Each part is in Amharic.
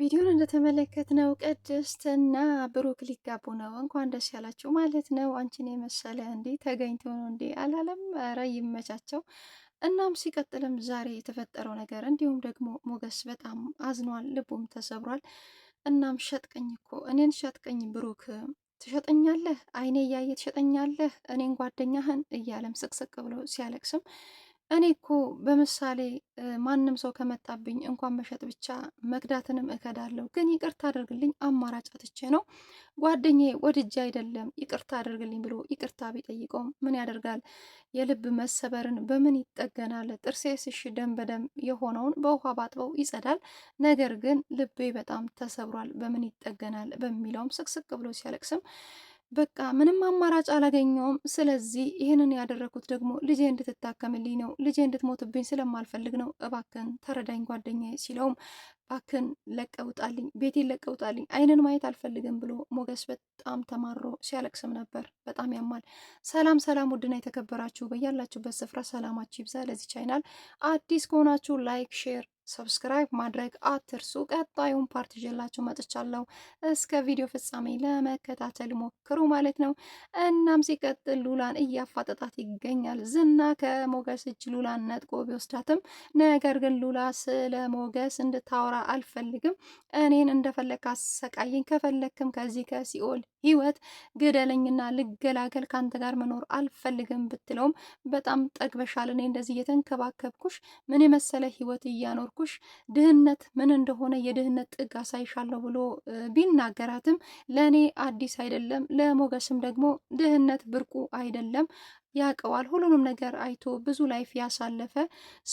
ቪዲዮን እንደተመለከትነው ቅድስት እና ብሩክ ሊጋቡ ነው። እንኳን ደስ ያላችሁ ማለት ነው። አንቺን የመሰለ እንዴ ተገኝቶ ነው እንዴ አላለም። ኧረ ይመቻቸው። እናም ሲቀጥልም ዛሬ የተፈጠረው ነገር እንዲሁም ደግሞ ሞገስ በጣም አዝኗል፣ ልቡም ተሰብሯል። እናም ሸጥቀኝ እኮ እኔን ሸጥቀኝ ብሩክ ትሸጠኛለህ፣ አይኔ እያየ ትሸጠኛለህ፣ እኔን ጓደኛህን እያለም ስቅስቅ ብሎ ሲያለቅስም እኔ እኮ በምሳሌ ማንም ሰው ከመጣብኝ እንኳን መሸጥ ብቻ መክዳትንም እከዳለሁ። ግን ይቅርታ አድርግልኝ አማራጭ አጥቼ ነው። ጓደኛዬ ወድጄ አይደለም ይቅርታ አድርግልኝ ብሎ ይቅርታ ቢጠይቀውም ምን ያደርጋል? የልብ መሰበርን በምን ይጠገናል? ጥርሴ ስሽ ደም በደም የሆነውን በውሃ ባጥበው ይጸዳል። ነገር ግን ልቤ በጣም ተሰብሯል፣ በምን ይጠገናል በሚለውም ስቅስቅ ብሎ ሲያለቅስም በቃ ምንም አማራጭ አላገኘውም። ስለዚህ ይህንን ያደረኩት ደግሞ ልጄ እንድትታከምልኝ ነው። ልጄ እንድትሞትብኝ ስለማልፈልግ ነው። እባክን ተረዳኝ ጓደኛ ሲለውም እባክን ለቀውጣልኝ፣ ቤቴን ለቀውጣልኝ፣ አይንን ማየት አልፈልግም ብሎ ሞገስ በጣም ተማሮ ሲያለቅስም ነበር። በጣም ያማል። ሰላም ሰላም! ውድና የተከበራችሁ በያላችሁበት ስፍራ ሰላማችሁ ይብዛ። ለዚህ ቻይናል አዲስ ከሆናችሁ ላይክ፣ ሼር፣ ሰብስክራይብ ማድረግ አትርሱ። ቀጣዩን ፓርት ይዤላችሁ መጥቻለሁ። እስከ ቪዲዮ ፍጻሜ ለመከታተል ሞክሩ ማለት ነው። እናም ሲቀጥል ሉላን እያፋጠጣት ይገኛል። ዝና ከሞገስ እጅ ሉላን ነጥቆ ቢወስዳትም ነገር ግን ሉላ ስለ ሞገስ እንድታወራ አልፈልግም። እኔን እንደፈለግ አሰቃየኝ፣ ከፈለግክም ከዚህ ከሲኦል ህይወት ግደለኝና ልገላገል፣ ከአንተ ጋር መኖር አልፈልግም ብትለውም በጣም ጠግበሻል፣ እኔ እንደዚህ እየተንከባከብኩሽ ምን የመሰለ ህይወት እያኖርኩሽ ድህነት ምን እንደሆነ የድህነት ጥግ አሳይሻለሁ ብሎ ቢናገራትም ለእኔ አዲስ አይደለም፣ ለሞገስም ደግሞ ድህነት ብርቁ አይደለም ያውቀዋል። ሁሉንም ነገር አይቶ ብዙ ላይፍ ያሳለፈ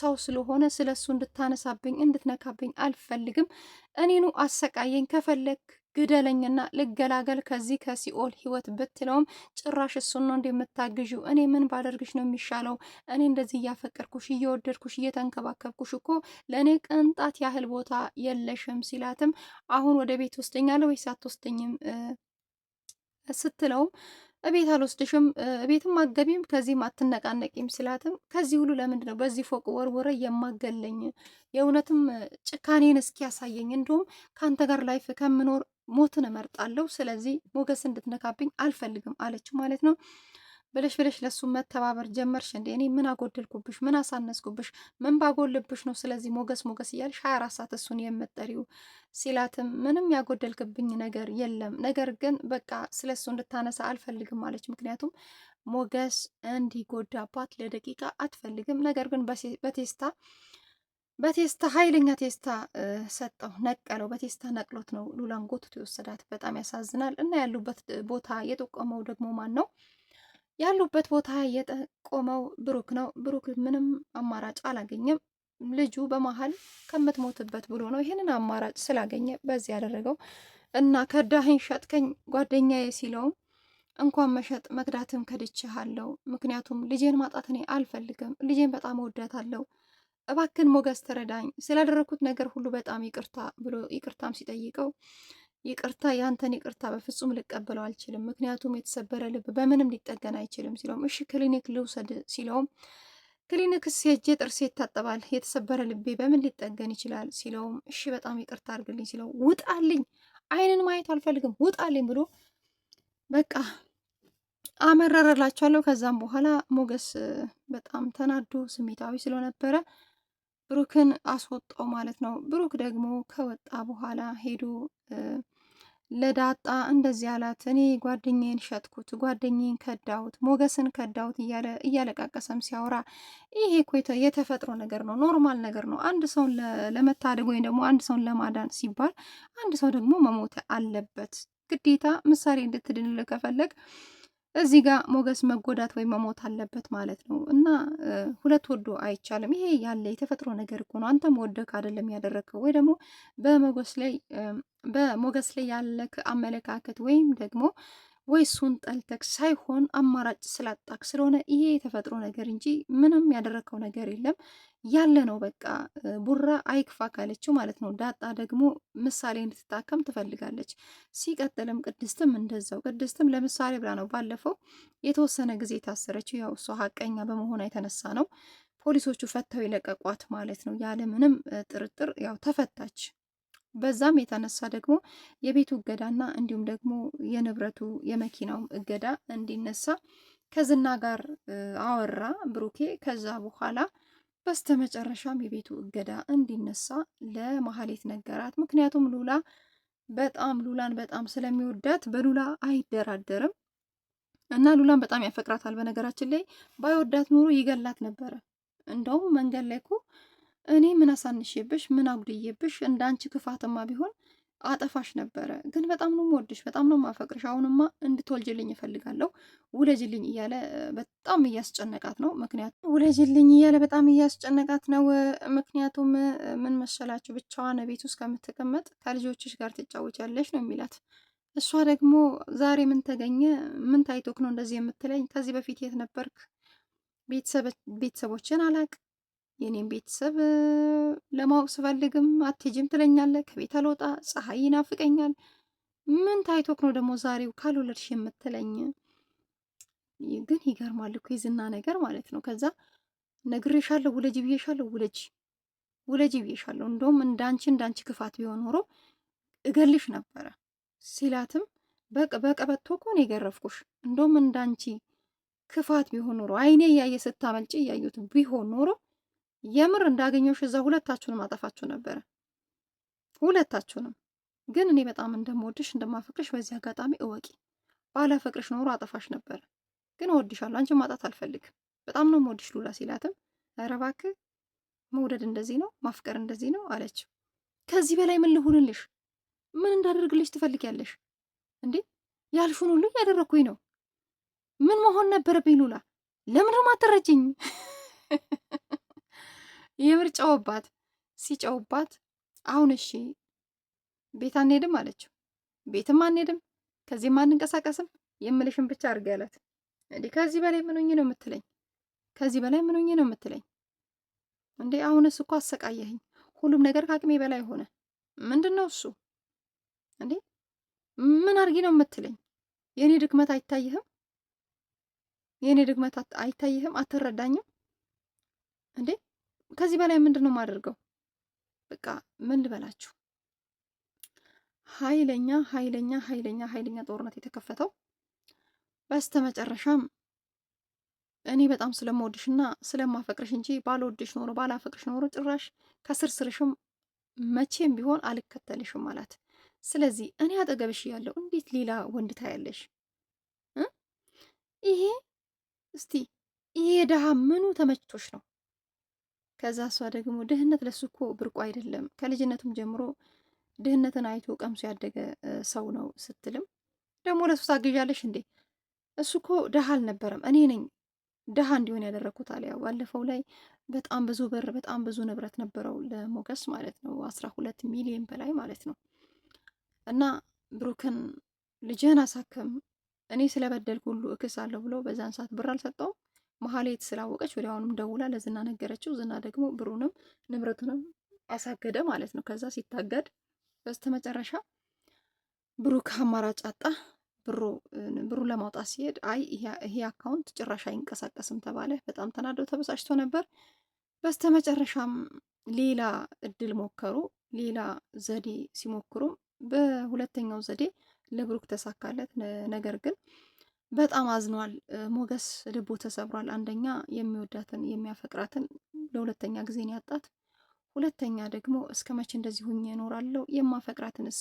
ሰው ስለሆነ ስለ እሱ እንድታነሳብኝ እንድትነካብኝ አልፈልግም። እኔኑ አሰቃየኝ ከፈለክ ግደለኝና ልገላገል ከዚህ ከሲኦል ህይወት ብትለውም ጭራሽ እሱን ነው እንደምታግዢው። እኔ ምን ባደርግሽ ነው የሚሻለው? እኔ እንደዚህ እያፈቀርኩሽ እየወደድኩሽ እየተንከባከብኩሽ እኮ ለእኔ ቅንጣት ያህል ቦታ የለሽም ሲላትም አሁን ወደ ቤት ወስደኛለሁ ወይስ አትወስደኝም ስትለውም እቤት አልወስድሽም፣ እቤትም አገቢም፣ ከዚህም አትነቃነቂም ስላትም ከዚህ ሁሉ ለምንድን ነው በዚህ ፎቅ ወርወረ የማገለኝ? የእውነትም ጭካኔን እስኪ ያሳየኝ እንዲሁም ከአንተ ጋር ላይፍ ከምኖር ሞትን እመርጣለሁ። ስለዚህ ሞገስ እንድትነካብኝ አልፈልግም አለችው ማለት ነው። ብለሽ ብለሽ ለሱ መተባበር ጀመርሽ እንዴ? እኔ ምን አጎደልኩብሽ? ምን አሳነስኩብሽ? ምን ባጎልብሽ ነው ስለዚህ ሞገስ ሞገስ እያልሽ ሀያ አራት ሰዓት እሱን የምጠሪው? ሲላትም ምንም ያጎደልክብኝ ነገር የለም፣ ነገር ግን በቃ ስለ እሱ እንድታነሳ አልፈልግም አለች። ምክንያቱም ሞገስ እንዲጎዳባት ለደቂቃ አትፈልግም። ነገር ግን በቴስታ በቴስታ ኃይለኛ ቴስታ ሰጠው ነቀለው። በቴስታ ነቅሎት ነው ሉላን ጎትቶ የወሰዳት። በጣም ያሳዝናል። እና ያሉበት ቦታ የጠቆመው ደግሞ ማን ነው? ያሉበት ቦታ የጠቆመው ብሩክ ነው። ብሩክ ምንም አማራጭ አላገኘም። ልጁ በመሀል ከምትሞትበት ብሎ ነው ይህንን አማራጭ ስላገኘ በዚህ ያደረገው እና ከዳህኝ ሸጥከኝ ጓደኛዬ ሲለውም እንኳን መሸጥ መክዳትም ከድቼሃለሁ። ምክንያቱም ልጄን ማጣት እኔ አልፈልግም። ልጄን በጣም እወዳታለሁ። እባክን ሞገስ ተረዳኝ፣ ስላደረግኩት ነገር ሁሉ በጣም ይቅርታ ብሎ ይቅርታም ሲጠይቀው ይቅርታ ያንተን ይቅርታ በፍጹም ልቀበለው አልችልም፣ ምክንያቱም የተሰበረ ልብ በምንም ሊጠገን አይችልም ሲለውም እሺ ክሊኒክ ልውሰድ ሲለውም ክሊኒክ ሄጄ ጥርሴ ይታጠባል የተሰበረ ልቤ በምን ሊጠገን ይችላል ሲለውም እሺ በጣም ይቅርታ አድርግልኝ ሲለው ውጣልኝ፣ አይንን ማየት አልፈልግም ውጣልኝ ብሎ በቃ አመረረላቸዋለሁ። ከዛም በኋላ ሞገስ በጣም ተናዶ ስሜታዊ ስለነበረ ብሩክን አስወጣው ማለት ነው። ብሩክ ደግሞ ከወጣ በኋላ ሄዶ ለዳጣ እንደዚህ አላት። እኔ ጓደኛዬን ሸጥኩት፣ ጓደኛዬን ከዳሁት፣ ሞገስን ከዳሁት እያለ እያለቃቀሰም ሲያወራ ይሄ እኮ የተፈጥሮ ነገር ነው፣ ኖርማል ነገር ነው። አንድ ሰውን ለመታደግ ወይም ደግሞ አንድ ሰውን ለማዳን ሲባል አንድ ሰው ደግሞ መሞት አለበት ግዴታ። ምሳሌ እንድትድንል ከፈለግ እዚህ ጋር ሞገስ መጎዳት ወይም መሞት አለበት ማለት ነው። እና ሁለት ወዶ አይቻልም። ይሄ ያለ የተፈጥሮ ነገር እኮ ነው። አንተም ወደክ አይደለም ያደረግከው፣ ወይ ደግሞ በሞገስ ላይ በሞገስ ላይ ያለክ አመለካከት ወይም ደግሞ ወይ እሱን ጠልተክ ሳይሆን አማራጭ ስላጣክ ስለሆነ ይሄ የተፈጥሮ ነገር እንጂ ምንም ያደረግከው ነገር የለም። ያለ ነው። በቃ ቡራ አይክፋ ካለችው ማለት ነው። ዳጣ ደግሞ ምሳሌ እንድትታከም ትፈልጋለች። ሲቀጥልም ቅድስትም እንደዛው። ቅድስትም ለምሳሌ ብላ ነው ባለፈው የተወሰነ ጊዜ የታሰረችው። ያው እሷ ሀቀኛ በመሆኗ የተነሳ ነው ፖሊሶቹ ፈተው የለቀቋት ማለት ነው። ምንም ጥርጥር ያው ተፈታች። በዛም የተነሳ ደግሞ የቤቱ እገዳና እንዲሁም ደግሞ የንብረቱ የመኪናውም እገዳ እንዲነሳ ከዝና ጋር አወራ ብሩኬ። ከዛ በኋላ በስተመጨረሻም የቤቱ እገዳ እንዲነሳ ለማህሌት ነገራት። ምክንያቱም ሉላ በጣም ሉላን በጣም ስለሚወዳት በሉላ አይደራደርም እና ሉላን በጣም ያፈቅራታል። በነገራችን ላይ ባይወዳት ኑሮ ይገላት ነበረ። እንደውም መንገድ ላይ እኮ እኔ ምን አሳንሼብሽ ምን አጉድዬብሽ እንዳንቺ ክፋትማ ቢሆን አጠፋሽ ነበረ፣ ግን በጣም ነው የምወድሽ፣ በጣም ነው የማፈቅርሽ። አሁንማ እንድትወልጅልኝ እፈልጋለሁ፣ ውለጅልኝ እያለ በጣም እያስጨነቃት ነው። ምክንያቱም ውለጅልኝ እያለ በጣም እያስጨነቃት ነው። ምክንያቱም ምን መሰላችሁ፣ ብቻዋን ቤት ውስጥ ከምትቀመጥ ከልጆችሽ ጋር ትጫወቻለሽ ነው የሚላት። እሷ ደግሞ ዛሬ ምን ተገኘ? ምን ታይቶክ ነው እንደዚህ የምትለኝ? ከዚህ በፊት የት ነበርክ? ቤተሰቦችን አላቅ የኔም ቤተሰብ ለማወቅ ስፈልግም አትሄጂም ትለኛለህ። ከቤት አልወጣ ፀሐይ ይናፍቀኛል። ምን ታይቶክ ነው ደግሞ ዛሬው ካልወለድሽ የምትለኝ? ግን ይገርማል እኮ የዝና ነገር ማለት ነው። ከዛ ነግሬሻለሁ፣ ውለጅ ብዬሻለሁ፣ ውለጅ ውለጅ ብዬሻለሁ። እንደውም እንዳንቺ እንዳንቺ ክፋት ቢሆን ኖሮ እገልሽ ነበረ ሲላትም በቅ በቀበቶ እኮ ነው የገረፍኩሽ። እንደውም እንዳንቺ ክፋት ቢሆን ኖሮ አይኔ እያየ ስታመልጭ እያዩት ቢሆን ኖሮ የምር እንዳገኘሁሽ እዛ ሁለታችሁንም አጠፋችሁ ነበረ። ሁለታችሁንም ግን እኔ በጣም እንደምወድሽ እንደማፈቅርሽ በዚህ አጋጣሚ እወቂ። ባላፈቅርሽ ኖሮ አጠፋሽ ነበረ። ግን እወድሻለሁ፣ አንቺን ማጣት አልፈልግም። በጣም ነው የምወድሽ ሉላ ሲላትም ኧረ እባክህ መውደድ እንደዚህ ነው ማፍቀር እንደዚህ ነው አለችው። ከዚህ በላይ ምን ልሁንልሽ? ምን እንዳደርግልሽ ትፈልጊያለሽ እንዴ? ያልሽውን ሁሉ እያደረግኩኝ ነው። ምን መሆን ነበረብኝ ሉላ? ለምንድን ነው የምር ጨውባት። ሲጨውባት አሁን እሺ ቤት አንሄድም አለችው። ቤትም አንሄድም ከዚህም አንንቀሳቀስም የምልሽን ብቻ አድርጊ አላት። እንዲህ ከዚህ በላይ ምን ሆኜ ነው የምትለኝ? ከዚህ በላይ ምን ሆኜ ነው የምትለኝ? እንዴ አሁንስ እኮ አሰቃየኸኝ። ሁሉም ነገር ከአቅሜ በላይ ሆነ። ምንድን ነው እሱ? እንዴ ምን አድርጊ ነው የምትለኝ? የእኔ ድክመት አይታይህም? የእኔ ድክመት አይታይህም? አትረዳኝም እንዴ ከዚህ በላይ ምንድን ነው የማደርገው? በቃ ምን ልበላችሁ፣ ኃይለኛ ኃይለኛ ኃይለኛ ኃይለኛ ጦርነት የተከፈተው በስተመጨረሻም እኔ በጣም ስለምወድሽና ስለማፈቅርሽ እንጂ ባልወድሽ ኖሮ ባላፈቅርሽ ኖሮ ጭራሽ ከስርስርሽም መቼም ቢሆን አልከተልሽም አላት። ስለዚህ እኔ አጠገብሽ ያለው እንዴት ሌላ ወንድ ታያለሽ? ይሄ እስቲ ይሄ ድሃ ምኑ ተመችቶሽ ነው? ከዛ እሷ ደግሞ ድህነት ለሱ እኮ ብርቁ አይደለም፣ ከልጅነቱም ጀምሮ ድህነትን አይቶ ቀምሶ ያደገ ሰው ነው ስትልም ደግሞ ለሱ ታግዣለሽ እንዴ? እሱ እኮ ደሃ አልነበረም፣ እኔ ነኝ ደሃ እንዲሆን ያደረግኩት አለ። ያው ባለፈው ላይ በጣም ብዙ ብር በጣም ብዙ ንብረት ነበረው ለሞገስ ማለት ነው፣ አስራ ሁለት ሚሊዮን በላይ ማለት ነው። እና ብሩክን ልጅህን አሳክም እኔ ስለበደልኩ ሁሉ እክስ አለሁ ብሎ በዛን ሰዓት ብር አልሰጠውም መሀሌት ስላወቀች ወዲያውኑም ደውላ ለዝና ነገረችው። ዝና ደግሞ ብሩንም ንብረቱንም አሳገደ ማለት ነው። ከዛ ሲታገድ በስተመጨረሻ ብሩክ አማራጭ አጣ። ብሩ ብሩ ለማውጣት ሲሄድ አይ ይሄ አካውንት ጭራሽ አይንቀሳቀስም ተባለ። በጣም ተናዶ ተበሳጭቶ ነበር። በስተመጨረሻም ሌላ እድል ሞከሩ። ሌላ ዘዴ ሲሞክሩም በሁለተኛው ዘዴ ለብሩክ ተሳካለት። ነገር ግን በጣም አዝኗል። ሞገስ ልቡ ተሰብሯል። አንደኛ የሚወዳትን የሚያፈቅራትን ለሁለተኛ ጊዜን ያጣት፣ ሁለተኛ ደግሞ እስከ መቼ እንደዚህ ሁኜ እኖራለሁ? የማፈቅራትንስ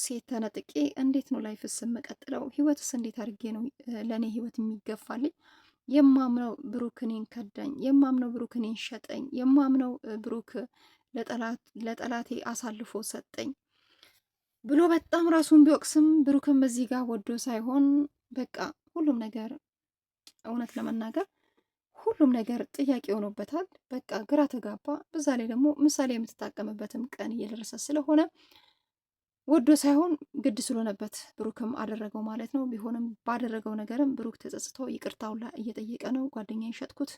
ሴት ተነጥቄ እንዴት ነው ላይፍስ የምቀጥለው? ህይወትስ እንዴት አድርጌ ነው ለእኔ ህይወት የሚገፋልኝ? የማምነው ብሩክ እኔን ከዳኝ፣ የማምነው ብሩክ እኔን ሸጠኝ፣ የማምነው ብሩክ ለጠላቴ አሳልፎ ሰጠኝ ብሎ በጣም ራሱን ቢወቅስም ብሩክም እዚህ ጋር ወዶ ሳይሆን በቃ ሁሉም ነገር እውነት ለመናገር ሁሉም ነገር ጥያቄ ሆኖበታል። በቃ ግራ ተጋባ። በዛ ላይ ደግሞ ምሳሌ የምትጠቀምበትም ቀን እየደረሰ ስለሆነ ወዶ ሳይሆን ግድ ስለሆነበት ብሩክም አደረገው ማለት ነው። ቢሆንም ባደረገው ነገርም ብሩክ ተጸጽቶ ይቅርታውላ እየጠየቀ ነው። ጓደኛ ይሸጥኩት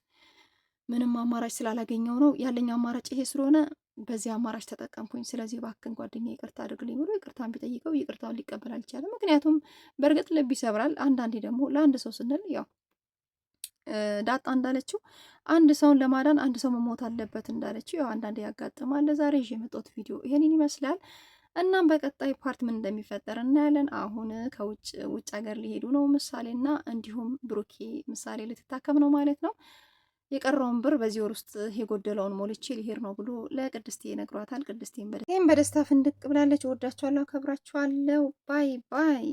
ምንም አማራጭ ስላላገኘው ነው ያለኝ አማራጭ ይሄ ስለሆነ በዚህ አማራጭ ተጠቀምኩኝ። ስለዚህ እባክን ጓደኛ ይቅርታ አድርግልኝ ብሎ ይቅርታን ቢጠይቀው ይቅርታውን ሊቀበል አልቻለም። ምክንያቱም በእርግጥ ልብ ይሰብራል። አንዳንዴ ደግሞ ለአንድ ሰው ስንል ያው ዳጣ እንዳለችው አንድ ሰውን ለማዳን አንድ ሰው መሞት አለበት እንዳለችው ያው አንዳንዴ ያጋጥማል። ለዛሬ ይዤ የመጣሁት ቪዲዮ ይሄንን ይመስላል። እናም በቀጣይ ፓርት ምን እንደሚፈጠር እናያለን። አሁን ከውጭ ውጭ ሀገር ሊሄዱ ነው ምሳሌና፣ እንዲሁም ብሩኬ ምሳሌ ልትታከም ነው ማለት ነው። የቀረውን ብር በዚህ ወር ውስጥ የጎደለውን ሞልቼ ሊሄድ ነው ብሎ ለቅድስቴ ይነግሯታል። ቅድስቴን በደስታ ፍንድቅ ብላለች። ወዳችኋለሁ፣ አከብራችኋለሁ። ባይ ባይ